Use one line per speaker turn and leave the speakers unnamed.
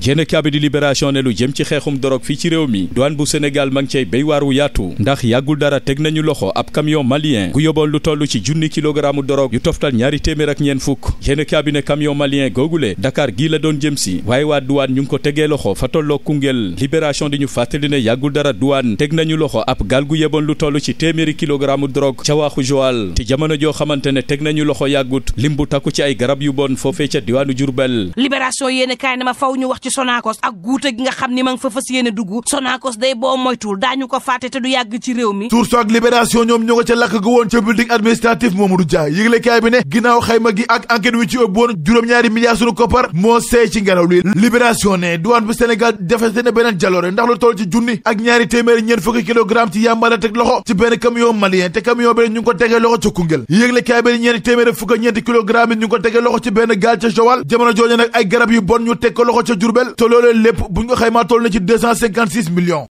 yéene kaabi di libération ne lu jëm ci xeexum dorog fii ci réew mi douane bu sénégal ma ngi cey béy waar wu yaatu ndax yàggul dara teg nañu loxo ab camion malien gu yóbboon lu toll ci junni kilogaraamu dorog yu toftal ñaari téeméer ak ñeen fukk yéene kaabi ne camion malien googule dakar gii la doon jëm si waaye waa douane ñu ngi ko tegee loxo fa tolloo Koungheul libération di ñu fàttali ne yàggul dara douane teg nañu loxo ab gaal gu yeboon lu toll ci téeméeri kilogaramu dorog ca waaxu Joal te jamono joo xamante ne teg nañu loxo yàggut limbu takku ci ay garab yu bon foofee ca diwaanu Jurbel
ci Sonacos ak guute gi nga xam ni ma ngi fa fas yéene dugg Sonacos day boo moytuwul daañu ko fàtte te du yàgg ci réew mi source ak libération
ñoom ñoo nga ca lakk ga woon ca building administratif Mamadou Dia yëglekaay bi ne ginnaaw xayma gi ak enquête wi ci ëpp woon juróom-ñaari milliards sunu koppar moo seey ci ngelaw li libération ne douane bu Sénégal defete na beneen jaloore ndax lu toll ci junni ak ñaari téeméeri ñeent fukki kilogramme ci yàmbala teg loxo ci benn camion malien te ko Diourbel te loolee lépp bu ñu ko xaymaa toll na ci 256 millions